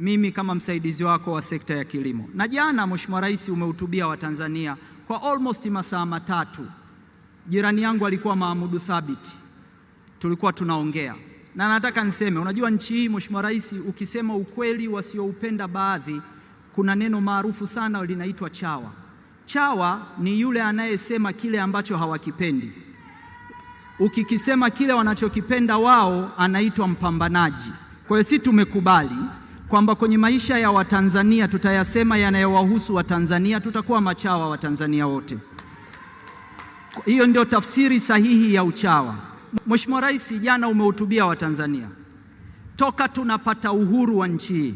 mimi kama msaidizi wako wa sekta ya kilimo. Na jana, Mheshimiwa Rais, umehutubia Watanzania kwa almost masaa matatu. Jirani yangu alikuwa maamudu Thabit, tulikuwa tunaongea na nataka niseme, unajua nchi hii Mheshimiwa Rais, ukisema ukweli wasioupenda baadhi, kuna neno maarufu sana linaitwa chawa. Chawa ni yule anayesema kile ambacho hawakipendi. Ukikisema kile wanachokipenda wao, anaitwa mpambanaji. Kwa hiyo si tumekubali kwamba kwenye maisha ya Watanzania tutayasema yanayowahusu Watanzania, tutakuwa machawa Watanzania wote. Hiyo ndio tafsiri sahihi ya uchawa. Mheshimiwa Rais, jana umehutubia Watanzania. Toka tunapata uhuru wa nchi hii,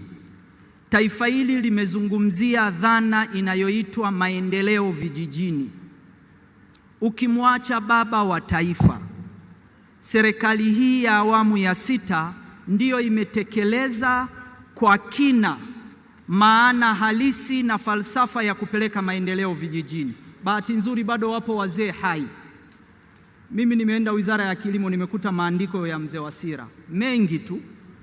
taifa hili limezungumzia dhana inayoitwa maendeleo vijijini. Ukimwacha baba wa taifa, serikali hii ya awamu ya sita ndiyo imetekeleza kwa kina maana halisi na falsafa ya kupeleka maendeleo vijijini. Bahati nzuri bado wapo wazee hai. Mimi nimeenda Wizara ya Kilimo, nimekuta maandiko ya mzee Wasira mengi tu.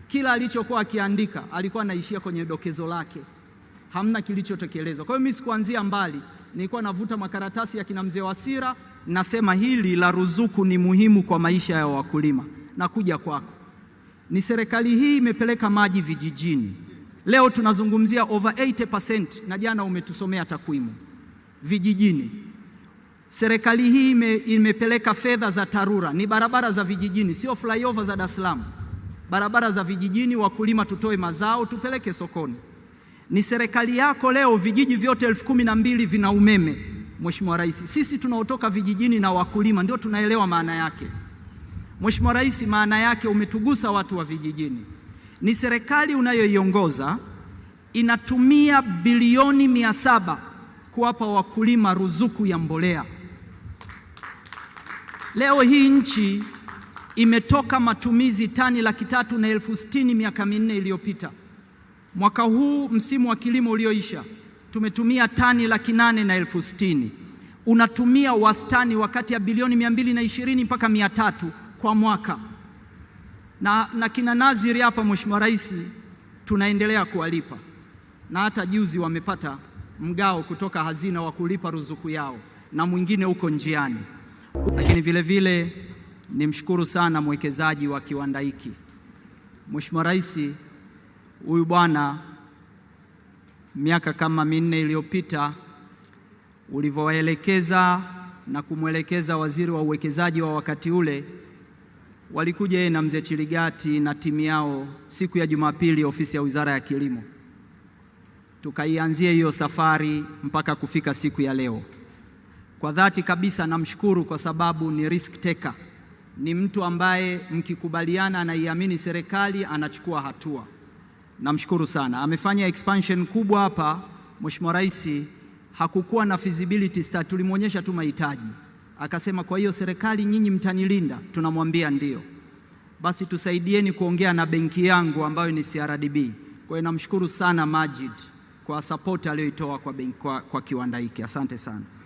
Kila alichokuwa akiandika alikuwa anaishia kwenye dokezo lake, hamna kilichotekelezwa. Kwa hiyo mimi sikuanzia mbali, nilikuwa navuta makaratasi ya kina mzee Wasira, nasema hili la ruzuku ni muhimu kwa maisha ya wakulima, na kuja kwako ni serikali hii imepeleka maji vijijini. Leo tunazungumzia over 80% na jana umetusomea takwimu vijijini. Serikali hii ime, imepeleka fedha za TARURA, ni barabara za vijijini, sio flyover za Dar es Salaam, barabara za vijijini, wakulima tutoe mazao tupeleke sokoni. Ni serikali yako leo, vijiji vyote elfu kumi na mbili vina umeme. Mheshimiwa Rais, sisi tunaotoka vijijini na wakulima ndio tunaelewa maana yake. Mheshimiwa Rais, maana yake umetugusa watu wa vijijini. Ni serikali unayoiongoza inatumia bilioni mia saba kuwapa wakulima ruzuku ya mbolea. Leo hii nchi imetoka matumizi tani laki tatu na elfu sitini miaka minne iliyopita. Mwaka huu msimu wa kilimo ulioisha tumetumia tani laki nane na elfu sitini. Unatumia wastani wa kati ya bilioni mia mbili na ishirini mpaka mia tatu kwa mwaka na, na kina Naziri hapa, Mheshimiwa Rais, tunaendelea kuwalipa na hata juzi wamepata mgao kutoka hazina wa kulipa ruzuku yao na mwingine uko njiani. Lakini vile vile nimshukuru sana mwekezaji wa kiwanda hiki Mheshimiwa Rais, huyu bwana miaka kama minne iliyopita ulivyowaelekeza na kumwelekeza waziri wa uwekezaji wa wakati ule walikuja yeye na mzee Chiligati na timu yao siku ya Jumapili, ofisi ya Wizara ya Kilimo, tukaianzia hiyo safari mpaka kufika siku ya leo. Kwa dhati kabisa namshukuru kwa sababu ni risk taker, ni mtu ambaye mkikubaliana, anaiamini serikali, anachukua hatua. Namshukuru sana, amefanya expansion kubwa hapa. Mheshimiwa Rais hakukuwa na feasibility study, tulimwonyesha tu mahitaji Akasema, kwa hiyo serikali, nyinyi mtanilinda? Tunamwambia ndio. Basi tusaidieni kuongea na benki yangu ambayo ni CRDB. Kwa hiyo namshukuru sana Majid kwa sapoti aliyoitoa kwa, kwa, kwa kiwanda hiki. Asante sana.